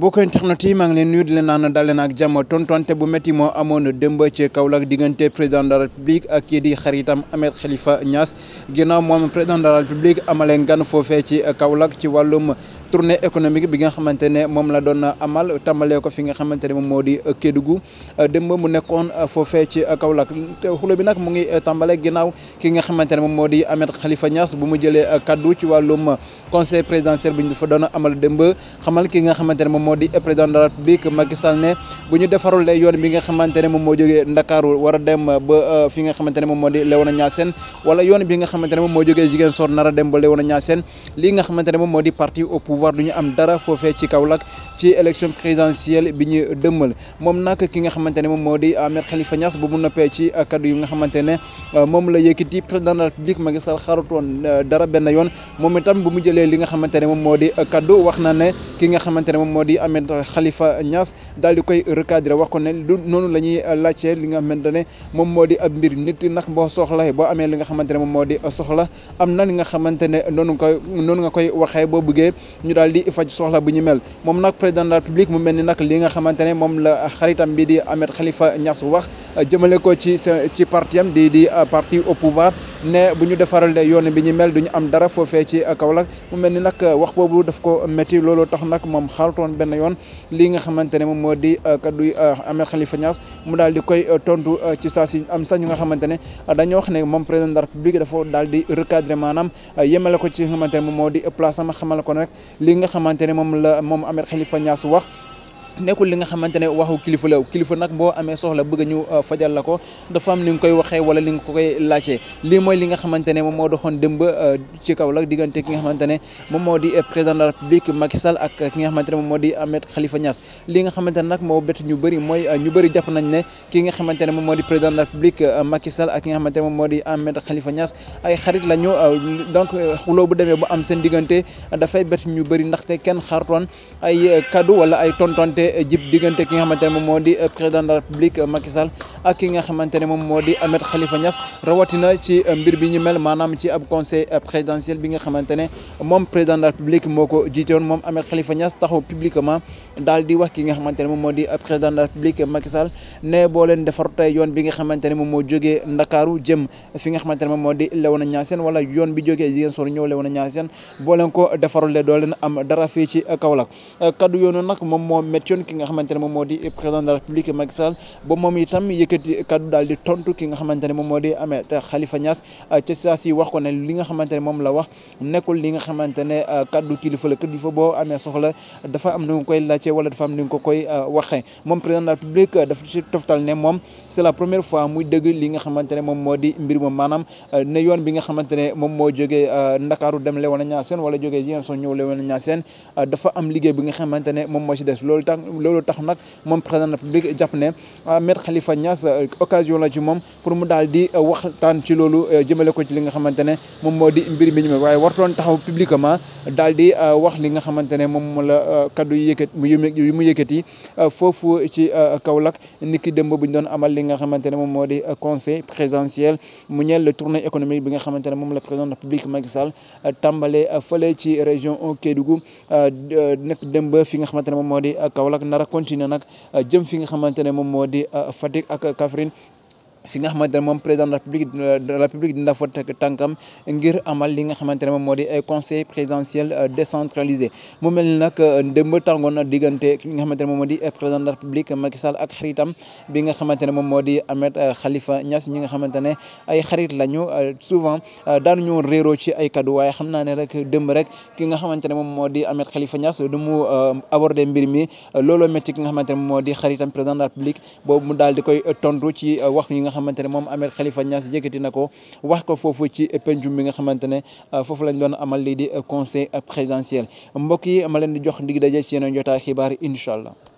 boo ko internet yi maa ngi leen nuyu di leen naan dal leen ak jàmm tontonte bu métti moo amoon démb ci Kaolack diggante président de la république ak kii di xaritam Ahmed Khalifa Niass ginnaaw moom président de la république amale ngan foofee ci Kaolack ci wàllum tournée économique bi nga xamante ne moom la doon amal tàmbalee ko fi nga xamante ne moom moo di Kédougou démb mu nekkoon foofee ci Kaolack xuloo bi nag mu ngi tàmbalee ginnaaw ki nga xamante ne moom moo di Ahmed Khalifa Niass bu mu jëlee kaddu ci wàllum conseil présidentiel bu fa doon amal démb xamal ki nga xamante ne moom moo di président de la République Macky Sall ne bu yoon bi nga xamante ne moom moo jógee Ndakaaru war a dem ba euh, fi nga xamante ne moom moo di Léona Niassène wala yoon bi nga xamante ne moom moo jógee Ziguinchor nar a dem ba Léona Niassène lii nga xamante au pouvoir war du ñu am dara foofee ci Kaolack ci élection présidentielle bi ñu dëmmal moom nag ki nga xamante ne moom moo di euh, Ahmed Khalifa Niass mu noppee ci euh, kaddu yu nga xamante ne euh, moom la yëkkati président de la République Macky Sall xarutoon dara benn yoon moom itam bu mu jëlee li nga xamante ne moom moo di kaddu wax na ne ki nga xamante ne moom moo di Ahmed Khalifa Niass daal di koy recadrer wax ko ne du noonu la ñuy laajtee li nga xamante ne moom moo di ab mbir nit ndax boo soxla boo amee li nga xamante ne moom moo di soxla am na li nga xamante ne noonu koy noonu nga koy waxee boo bëggee ñu daal di faj soxla bu ñu mel moom nag président de la république mu mel ni nag li nga xamante ne moom la xaritam bi di Ahmed Khalifa Niass wax jëmale ko ci ci parti am di di euh, parti au pouvoir ne bu ñu defaralee yoon bi ñu mel du ñu am dara fee ci Kaolack mu mel ni nag wax boobu daf ko métti looloo tax nag moom xaaratoon benn yoon lii nga xamante ne moom moo di euh, kaddu euh, Ahmed Khalifa Niass mu daal di koy euh, tontu ci saa si am sax ñu nga xamante ne dañoo wax ne moom président de la République dafa daal di recadrer maanaam yemale ko ci nga xamante ne moo di place am xamal ko ne rek li nga xamante ne moom la moom amee Khalifa Niass wax. nekkul li nga xamante ne waxu kilifa la kilifa nag boo amee soxla bëgg ñu euh, fajal la ko dafa am li nga koy waxee wala li nga ko koy laajte lii mooy li nga xamante ne moom moo doxoon démb euh, ci kaw la diggante ki nga xamante ne moom moo di euh, président de la république Macky ak ki nga xamante ne moom moo di Ahmed Khalifa Niass li nga xamante ne nag moo bett ñu bëri mooy ñu bëri jàpp nañ ne ki nga xamante ne moom moo di président de la république ak ki nga xamante moom moo di Ahmed Khalifa Niass ay xarit lañu ñu donc xuloo bu demee bu am seen diggante dafay bett ñu bëri ndaxte kenn xaartoon ay kaddu wala ay tontonte jib diggante ki nga xamante ne moom moo di euh, président de la république euh, Macky ak ki nga xamante ne moom moo di Ahmed Khalifa Niass rawatina ci euh, mbir bi ñu mel maanaam ci ab conseil euh, présidentiel bi nga xamante ne moom président de la république moo ko jiite woon moom Ahmed Khalifa Niass taxaw publiquement daal di wax ki nga xamante ne moom moo di euh, président de la république Macky Sall ne boo leen defar tey yoon bi nga xamante ne moom moo jógee Ndakaaru jëm fi nga xamante ne moom moo di Léona Niassène wala yoon bi joge jógee Ziguinchor ñëw Léona Niassène boo leen ko defarul doo leen am dara fii ci Kaolack kaddu yoonu nag moom moo méttoon ki nga xamante ne moom moo di président de la république Macky Sall moom itam yëkkati kaddu daal di tontu ki nga xamante ne moom moo di amee Khalifa Niass ah, ca saa si wax ko ne li nga xamante ne moom la wax nekkul li nga xamante ne ah, kilifa la kilifa boo amee soxla dafa am ni koy laajte wala dafa am ni ko koy ah, waxee moom président de la République dafa ci toftal la première fois muy dëgg li nga xamante ne moom moo di mbir ma maanaam yoon bi xamante ne moom moo jógee Ndakaaru dem Léona Niassène wala jógee Ziguinchor ñëw Léona Niassène dafa am liggéey bi nga xamante ne moom moo ci des loolu tax nag moom président de la République jàpp ne Maître Khalifa Niass Dias euh, occasion la ci moom pour mu daal di euh, waxtaan ci loolu euh, jëmale ko ci li nga xamante ne moom moo di mbir mi ñu waaye wartoon taxaw publiquement daal di wax li nga xamante la kaddu yu yëkkat mu bu doon amal li nga xamante ne moom moo di conseil présidentiel mu ñeel le tournée économique bi nga xamante ne moom la président de la République Macky Sall tàmbale fële ci région Kédougou nekk démb fi nga xamante ne moo di Kaolack a continuer nag jëm fi nga xamante ne moo di Fatick Kaffrine fi nga xamante ne moom président de la république dina fa teg tànkam ngir amal li nga xamante ne moom moo di ay conseil présidentiel euh, décentralisé mu mel ni nag euh, démb tàngoon na diggante ki nga xamante ne de la république Macky Sall ak xaritam bi nga xamante ne moom moo di Ahmed euh, Khalifa Niass ñi nga xamante ne ay xarit lañu souvent daanuñu réeroo ci ay kaddu waaye xam naa ne rek démb rek ki nga xamante ne moom moo di Ahmed Khalifa Niass du mu aborder mbir mi looloo métti ki nga xamante moom moo di xaritam président de la nga ne moom Ahmed Khalifa Niass yëkkati na ko wax ko foofu ci pencum bi nga xamante ne euh, foofu lañ doon amal lii di euh, conseil euh, présidentiel mbokk yi ma leen di jox dig daje si yeneen jotaay xibaar incha allah.